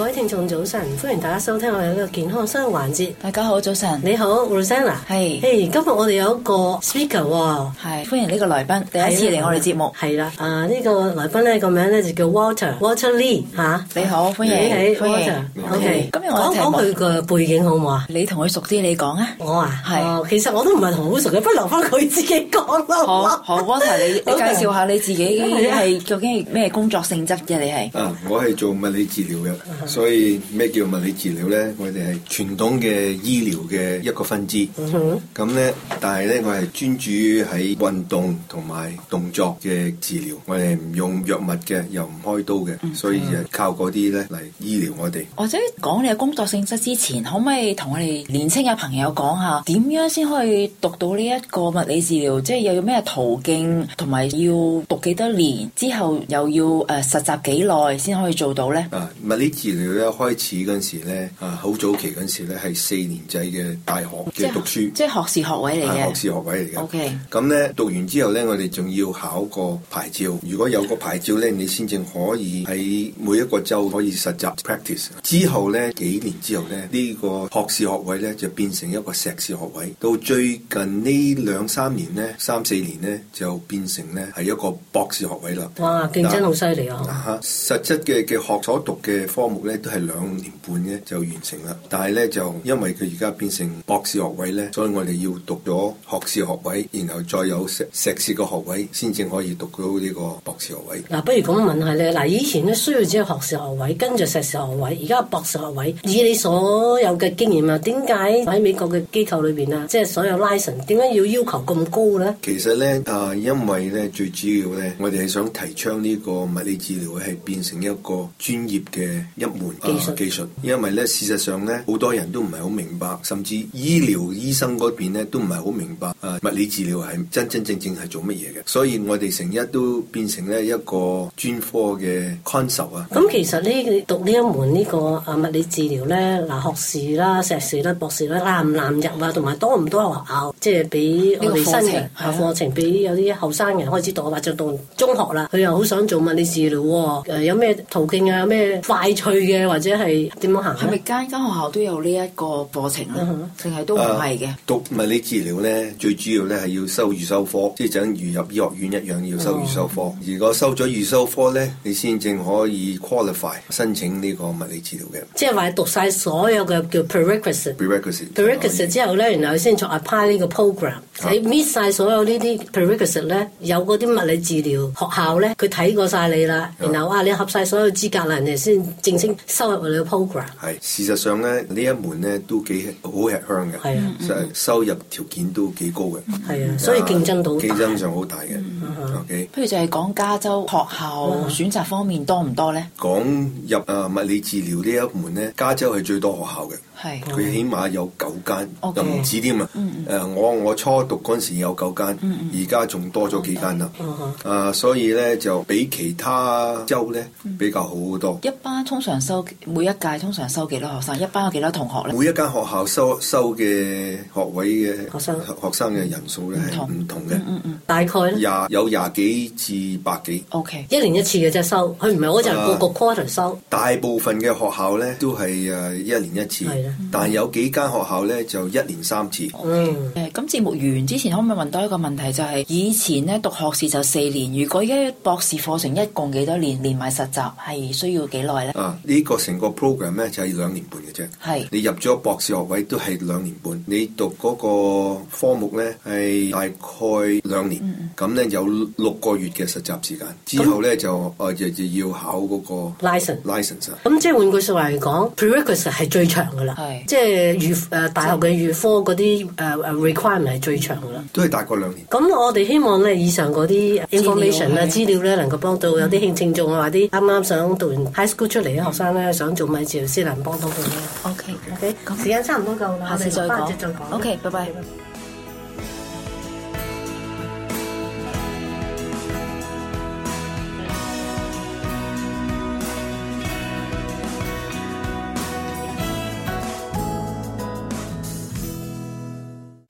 各位聽眾早晨，歡迎大家收聽我哋一個健康生活環節。大家好，早晨，你好，Rosanna，n 係，誒、啊，是 hey, 今日我哋有一個 speaker，係、哦，歡迎呢個來賓，第一次嚟我哋節目，係啦，啊呢、這個來賓咧、這個名咧就叫 Water，Water Lee，吓、啊嗯，你好，歡迎，hey, 歡迎，O、okay. K，、okay. 嗯、今日我哋講講佢個背景好唔好啊？你同佢熟啲，你講啊？我啊係，是 oh, 其實我都唔係同好熟嘅。 不如留翻佢自己講啦。好，好，Water，你，你介紹下你自己你係、啊、究竟係咩工作性質嘅？你係、uh, 我係做物理治療嘅。 所以咩叫物理治療咧？我哋係傳統嘅醫療嘅一個分支。咁、嗯、咧，但係咧，我係專注喺運動同埋動作嘅治療，我哋唔用藥物嘅，又唔開刀嘅，所以就靠嗰啲咧嚟醫療我哋、嗯。或者講你嘅工作性質之前，可唔可以同我哋年青嘅朋友講下點樣先可以讀到呢一個物理治療，即係又有咩途徑同埋要讀幾多年之後又要誒、呃、實習幾耐先可以做到咧？啊，物理治療。一開始嗰陣時咧，啊，好早期嗰陣時咧，係四年制嘅大學嘅讀書，即係學士學位嚟嘅，學士學位嚟嘅。O K，咁咧讀完之後咧，我哋仲要考個牌照。如果有個牌照咧，你先至可以喺每一個州可以實習 practice。之後咧，幾年之後咧，呢個學士學位咧就變成一個碩士學位。到最近呢兩三年咧，三四年咧就變成咧係一個博士學位啦。哇，競爭好犀利啊！實質嘅嘅學所讀嘅科目呢都係兩年半嘅就完成啦，但係咧就因為佢而家變成博士學位咧，所以我哋要讀咗學士學位，然後再有碩碩士個學位，先至可以讀到呢個博士學位。嗱、啊，不如咁問下你，嗱，以前咧需要只有學士學位，跟住碩士學位，而家博士學位，以你所有嘅經驗啊，點解喺美國嘅機構裏邊啊，即係所有 license 點解要要求咁高咧？其實咧，啊，因為咧最主要咧，我哋係想提倡呢個物理治療係變成一個專業嘅技術、呃、技術，因為咧事實上咧好多人都唔係好明白，甚至醫療醫生嗰邊咧都唔係好明白啊、呃、物理治療係真真正正係做乜嘢嘅，所以我哋成日都變成咧一個專科嘅 consult 啊。咁、嗯、其實呢讀呢一門呢個啊物理治療咧，嗱學士啦、碩士啦、博士啦，難唔難入啊？同埋多唔多學校？即係比我哋新嘅課程，比、啊、課程比有啲後生人開始讀啦，或者就讀中學啦，佢又好想做物理治療喎、啊呃。有咩途徑啊？有咩快脆、啊？或者係點樣行？係咪間間學校都有呢一個課程、嗯、啊？淨係都唔係嘅。讀物理治療咧，最主要咧係要修預修科，即係等如入醫學院一樣要修預修科。嗯、如果修咗預修科咧，你先正可以 qualify 申請呢個物理治療嘅。即係話讀晒所有嘅叫 prerequisite，prerequisite、哦、之後咧，然後先做 apply 呢個 program、啊。你搣晒所有 per 呢啲 prerequisite 咧，有嗰啲物理治療學校咧，佢睇過晒你啦、啊，然後啊，你合晒所有資格啦，人哋先正式。收入了你個 program 係事實上咧，呢一門咧都幾好吃香嘅，係啊、嗯，收入條件都幾高嘅，係啊，所以競爭到、啊、競爭上好大嘅。O K，不如就係講加州學校選擇方面多唔多咧？講入啊物理治療呢一門咧，加州係最多學校嘅，係佢、嗯、起碼有九間，okay、又唔止添啊。誒、嗯嗯呃，我我初讀嗰陣時候有九間，而家仲多咗幾間啦、okay。啊，嗯、所以咧就比其他州咧、嗯、比較好好多。一般通常。收每一屆通常收幾多學生？一班有幾多同學咧？每一間學校收收嘅學位嘅學生學，學生嘅人數咧係唔同嘅。嗯嗯，嗯大概咧？廿有廿幾至百幾。Okay，一年一次嘅啫，收佢唔係嗰陣個個 quarter 收。大部分嘅學校咧都係誒一年一次，係，但係有幾間學校咧就一年三次。嗯，誒，咁節目完之前可唔可以問多一個問題，就是？就係以前咧讀學士就四年，如果依家博士課程一共幾多年？連埋實習係需要幾耐咧？Uh, 呢個成個 program 咧就係兩年半嘅啫。係你入咗博士學位都係兩年半。你讀嗰個科目咧係大概兩年，咁咧有六個月嘅實習時間。之後咧就誒就就要考嗰個 licence。licence 咁即係換句説話嚟講，pre-requisite 係最長㗎啦。係即係預誒大學嘅預科嗰啲誒 requirement 係最長㗎啦。都係大概兩年。咁我哋希望咧以上嗰啲 information 啊資料咧能夠幫到有啲興趣眾啊，或者啱啱想讀完 high school 出嚟嘅學生。想做乜嘢先能幫到佢咩？OK OK，時間差唔多夠啦，下次再講，下次再講。OK，拜拜。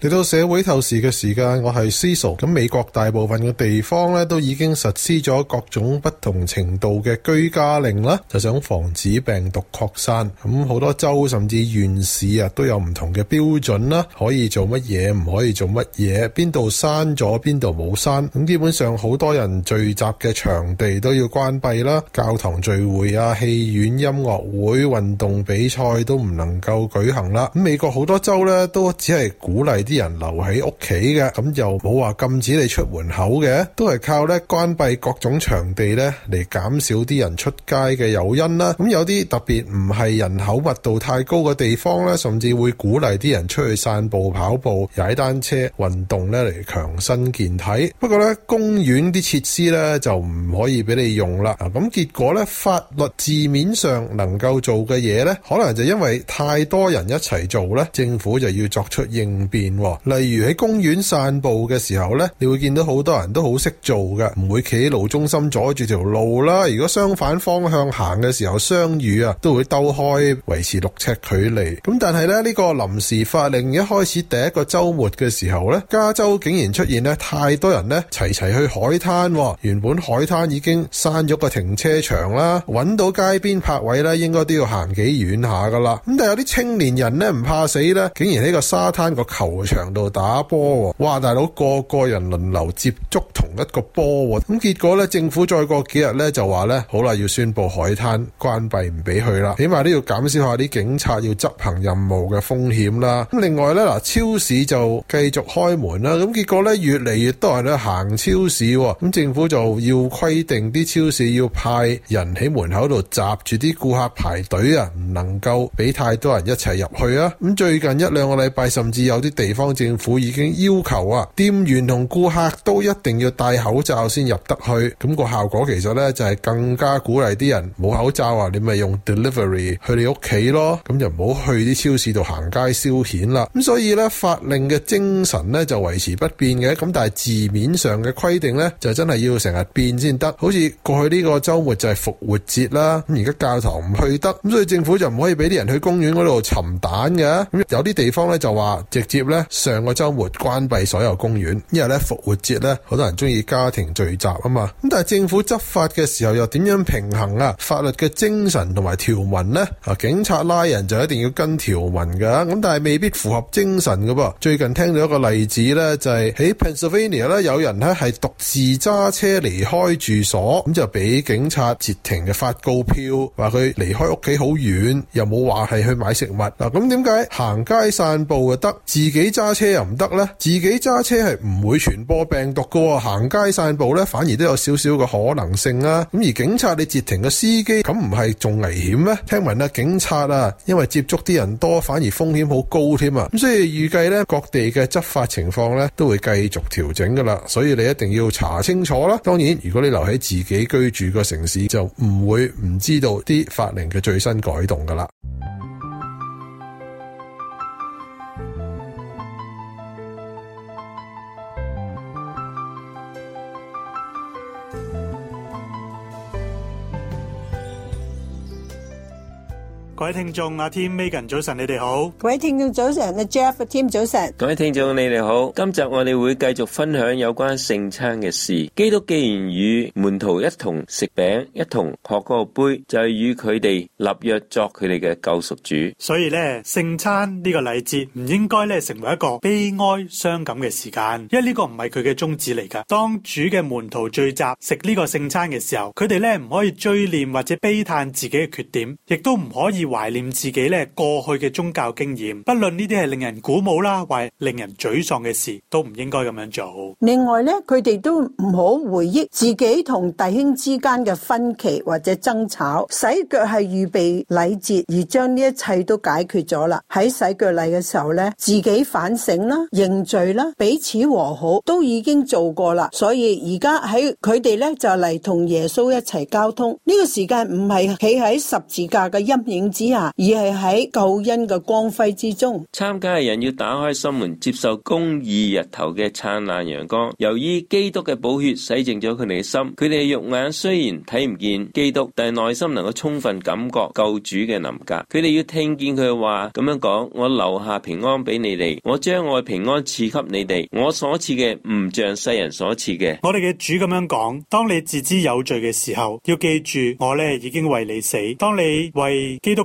嚟到社會透視嘅時間，我係思咁美國大部分嘅地方咧都已經實施咗各種不同程度嘅居家令啦，就想防止病毒擴散。咁好多州甚至縣市啊都有唔同嘅標準啦，可以做乜嘢唔可以做乜嘢，邊度閂咗邊度冇閂。咁基本上好多人聚集嘅場地都要關閉啦，教堂聚會啊、戲院音樂會、運動比賽都唔能夠舉行啦。咁美國好多州咧都只係鼓勵。啲人留喺屋企嘅，咁又冇話禁止你出門口嘅，都係靠咧關閉各種場地咧嚟減少啲人出街嘅誘因啦。咁有啲特別唔係人口密度太高嘅地方咧，甚至會鼓勵啲人出去散步、跑步、踩單車、運動咧嚟強身健體。不過咧，公園啲設施咧就唔可以俾你用啦。咁結果咧，法律字面上能夠做嘅嘢咧，可能就因為太多人一齊做咧，政府就要作出應變。例如喺公園散步嘅時候呢，你會見到好多人都好識做嘅，唔會企喺路中心阻住條路啦。如果相反方向行嘅時候相遇啊，都會兜開維持六尺距離。咁但係咧，呢個臨時法令一開始第一個周末嘅時候呢，加州竟然出現呢，太多人呢齊齊去海灘。原本海灘已經閂咗個停車場啦，揾到街邊泊位呢應該都要行幾遠下噶啦。咁但係有啲青年人呢唔怕死呢竟然喺個沙灘個球場度打波喎，哇！大佬個個人輪流接觸同一個波喎，咁結果咧，政府再過幾日咧就話咧，好啦，要宣布海灘關閉唔俾去啦，起碼都要減少下啲警察要執行任務嘅風險啦。咁另外咧，嗱，超市就繼續開門啦，咁結果咧，越嚟越多人去行超市，咁政府就要規定啲超市要派人喺門口度閘住啲顧客排隊啊，唔能夠俾太多人一齊入去啊。咁最近一兩個禮拜，甚至有啲地。方政府已經要求啊，店員同顧客都一定要戴口罩先入得去。咁、那個效果其實咧就係、是、更加鼓勵啲人冇口罩啊，你咪用 delivery 去你屋企咯。咁就唔好去啲超市度行街消遣啦。咁所以咧，法令嘅精神咧就維持不變嘅。咁但係字面上嘅規定咧，就真係要成日變先得。好似過去呢個周末就係復活節啦。咁而家教堂唔去得，咁所以政府就唔可以俾啲人去公園嗰度尋蛋嘅。咁有啲地方咧就話直接咧。上個周末關閉所有公園，因為咧，復活節咧好多人中意家庭聚集啊嘛，咁但係政府執法嘅時候又點樣平衡啊法律嘅精神同埋條文呢，啊，警察拉人就一定要跟條文噶，咁但係未必符合精神㗎噃。最近聽到一個例子咧，就是，就係喺 Pennsylvania 咧，有人咧係獨自揸車離開住所，咁就俾警察截停嘅，發告票，話佢離開屋企好遠，又冇話係去買食物嗱，咁點解行街散步就得自己，揸車又唔得啦。自己揸車係唔會傳播病毒噶喎，行街散步咧反而都有少少嘅可能性啦。咁而警察你截停個司機，咁唔係仲危險咩？聽聞咧，警察啊，因為接觸啲人多，反而風險好高添啊。咁所以預計咧，各地嘅執法情況咧都會繼續調整噶啦。所以你一定要查清楚啦。當然，如果你留喺自己居住個城市，就唔會唔知道啲法令嘅最新改動噶啦。各位聽眾，阿 Tim、Megan，早晨，你哋好。各位聽眾，早晨，阿 Jeff、阿 Tim，早晨。各位聽眾，你哋好。今集我哋會繼續分享有關聖餐嘅事。基督既然與門徒一同食餅，一同喝個杯，就係與佢哋立約作佢哋嘅救贖主。所以咧，聖餐呢個禮節唔應該咧成為一個悲哀傷感嘅時間，因為呢個唔係佢嘅宗旨嚟㗎。當主嘅門徒聚集食呢個聖餐嘅時候，佢哋咧唔可以追念或者悲嘆自己嘅缺點，亦都唔可以話。懷念自己咧過去嘅宗教經驗，不論呢啲係令人鼓舞啦，或係令人沮喪嘅事，都唔應該咁樣做。另外咧，佢哋都唔好回憶自己同弟兄之間嘅分歧或者爭吵。洗腳係預備禮節，而將呢一切都解決咗啦。喺洗腳禮嘅時候咧，自己反省啦、認罪啦、彼此和好都已經做過啦。所以而家喺佢哋咧就嚟同耶穌一齊交通。呢個時間唔係企喺十字架嘅陰影之而係喺救恩嘅光輝之中，參加嘅人要打開心門，接受公義日頭嘅燦爛陽光。由於基督嘅寶血洗淨咗佢哋嘅心，佢哋嘅肉眼雖然睇唔見基督，但係內心能夠充分感覺救主嘅臨格。佢哋要聽見佢嘅話咁樣講：我留下平安俾你哋，我將愛平安賜給你哋，我所賜嘅唔像世人所賜嘅。我哋嘅主咁樣講：當你自知有罪嘅時候，要記住我咧已經為你死。當你為基督。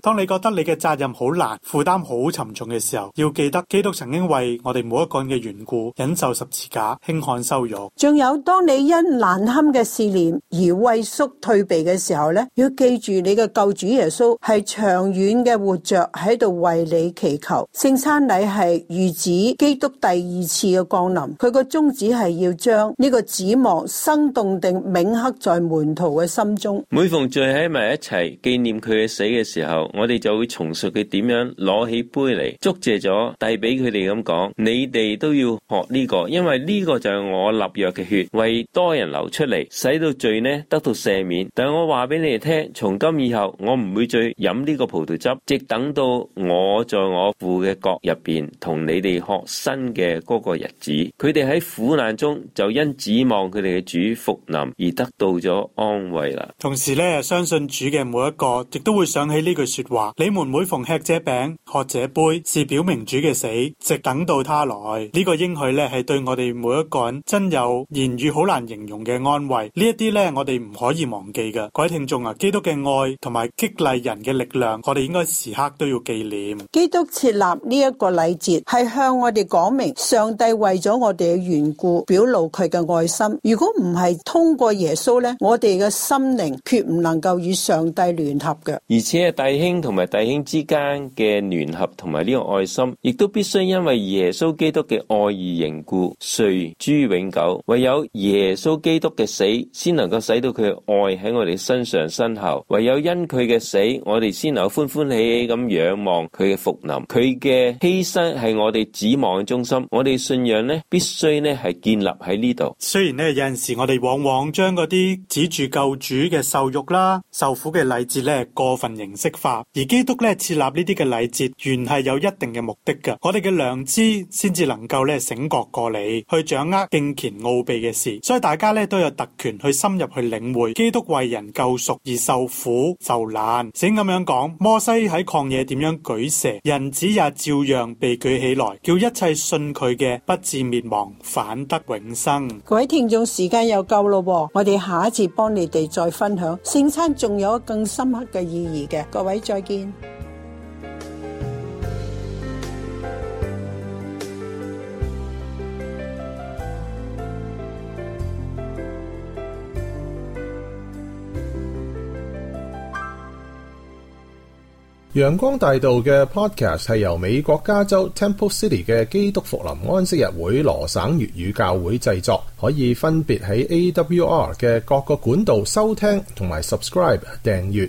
當你覺得你嘅責任好難，負擔好沉重嘅時候，要記得基督曾經為我哋每一個人嘅緣故忍受十字架，輕看羞辱。仲有當你因難堪嘅試煉而畏縮退避嘅時候呢，要記住你嘅救主耶穌係長遠嘅活着喺度為你祈求。聖餐禮係預指基督第二次嘅降臨，佢個宗旨係要將呢個指望生動地銘刻在門徒嘅心中。每逢聚喺埋一齊紀念佢嘅死嘅時候，我哋就會重述佢點樣攞起杯嚟，祝謝咗遞俾佢哋咁講，你哋都要學呢個，因為呢個就係我立約嘅血，為多人流出嚟，使到罪呢得到赦免。但係我話俾你哋聽，從今以後我唔會再飲呢個葡萄汁，直等到我在我父嘅國入邊同你哋學新嘅嗰個日子。佢哋喺苦難中就因指望佢哋嘅主復臨而得到咗安慰啦。同時咧，相信主嘅每一個，亦都會想起呢、這個。句說話，你們每逢吃這餅、喝這杯，是表明主嘅死，直等到他來。呢個應許咧，係對我哋每一個人真有言語好難形容嘅安慰。呢一啲咧，我哋唔可以忘記嘅。各位聽眾啊，基督嘅愛同埋激勵人嘅力量，我哋應該時刻都要紀念。基督設立呢一個禮節，係向我哋講明上帝為咗我哋嘅緣故，表露佢嘅愛心。如果唔係通過耶穌咧，我哋嘅心靈決唔能夠與上帝聯合嘅。而且大。弟兄同埋弟兄之間嘅聯合，同埋呢個愛心，亦都必須因為耶穌基督嘅愛而凝固、垂諸永久。唯有耶穌基督嘅死，先能夠使到佢嘅愛喺我哋身上深厚。唯有因佢嘅死，我哋先能夠歡歡喜喜咁仰望佢嘅復臨。佢嘅犧牲係我哋指望嘅中心。我哋信仰咧，必須咧係建立喺呢度。雖然咧有陣時我哋往往將嗰啲指住救主嘅受辱啦、受苦嘅例子咧，過份認識。而基督咧設立呢啲嘅禮節，原係有一定嘅目的嘅。我哋嘅良知先至能夠咧醒覺過嚟，去掌握敬虔奧秘嘅事。所以大家咧都有特權去深入去領會基督為人救贖而受苦受難。請咁樣講，摩西喺曠野點樣舉蛇，人子也照樣被舉起來，叫一切信佢嘅不至滅亡，反得永生。各位聽眾，時間又夠咯，我哋下一次幫你哋再分享聖餐，仲有更深刻嘅意義嘅。各位再見。陽光大道嘅 Podcast 係由美國加州 Temple City 嘅基督復臨安息日會羅省粵語教會製作，可以分別喺 AWR 嘅各個管道收聽同埋 subscribe 訂閱。